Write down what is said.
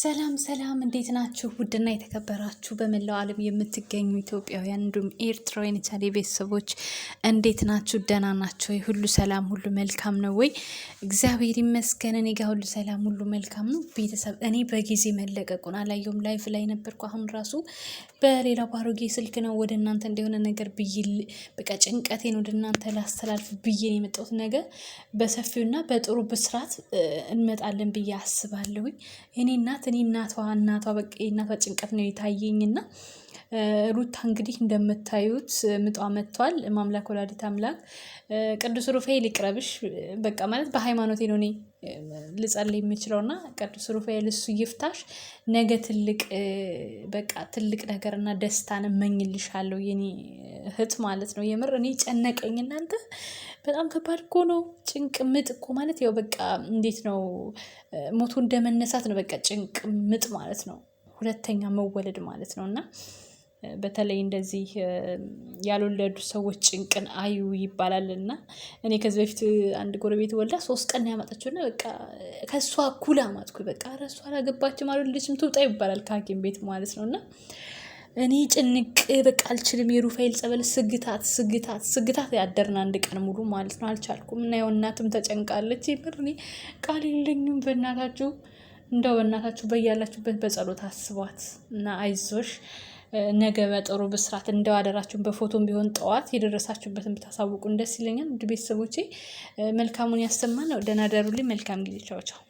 ሰላም ሰላም፣ እንዴት ናችሁ? ውድና የተከበራችሁ በመላው ዓለም የምትገኙ ኢትዮጵያውያን እንዲሁም ኤርትራውያን የቻሌ ቤተሰቦች እንዴት ናችሁ? ደህና ናቸው ወይ? ሁሉ ሰላም፣ ሁሉ መልካም ነው ወይ? እግዚአብሔር ይመስገን፣ እኔ ጋር ሁሉ ሰላም፣ ሁሉ መልካም ነው። ቤተሰብ እኔ በጊዜ መለቀቁን አላየሁም። ላይፍ ላይ ነበርኩ። አሁን ራሱ በሌላ ባሮጌ ስልክ ነው ወደ እናንተ እንደሆነ ነገር ብዬ በቃ ጭንቀቴን ወደ እናንተ ላስተላልፍ ብዬ ነው የመጣሁት። ነገር በሰፊውና በጥሩ ብስራት እንመጣለን ብዬ አስባለሁኝ እኔና እናት እኔ እናቷ እናቷ በቃ የእናቷ ጭንቀት ነው የታየኝና ሩታ እንግዲህ እንደምታዩት ምጧ መጥቷል። ማምላክ ወላዲት አምላክ ቅዱስ ሩፋኤል ይቅረብሽ። በቃ ማለት በሃይማኖቴ ነው እኔ ልጸልይ የምችለው እና ቅዱስ ሩፋኤል እሱ ይፍታሽ። ነገ ትልቅ በቃ ትልቅ ነገርና እና ደስታን እመኝልሻለሁ የኔ እህት ማለት ነው። የምር እኔ ጨነቀኝ እናንተ። በጣም ከባድ እኮ ነው ጭንቅ ምጥ እኮ ማለት ያው በቃ እንዴት ነው ሞቱ እንደመነሳት ነው። በቃ ጭንቅ ምጥ ማለት ነው። ሁለተኛ መወለድ ማለት ነው እና በተለይ እንደዚህ ያልወለዱ ሰዎች ጭንቅን አዩ ይባላል። እና እኔ ከዚህ በፊት አንድ ጎረቤት ወልዳ ሶስት ቀን ያማጠችው እና በቃ ከእሷ እኩል አማጥኩ። በቃ እሷ አላገባችም አልወለደችም ትውጣ ይባላል ከሐኪም ቤት ማለት ነው። እና እኔ ጭንቅ በቃ አልችልም። የሩፋኤል ጸበል ስግታት ስግታት ስግታት ያደርን አንድ ቀን ሙሉ ማለት ነው። አልቻልኩም። እና ያው እናትም ተጨንቃለች። የምር እኔ ቃል የለኝም። በእናታችሁ እንደው በእናታችሁ በያላችሁበት በጸሎት አስቧት እና አይዞሽ ነገ በጥሩ ብስራት እንደዋደራችሁን በፎቶም ቢሆን ጠዋት የደረሳችሁበትን ብታሳውቁ ደስ ይለኛል። ውድ ቤተሰቦቼ መልካሙን ያሰማ ነው። ደህና ደሩልኝ። መልካም ጊዜ። ቻው ቻው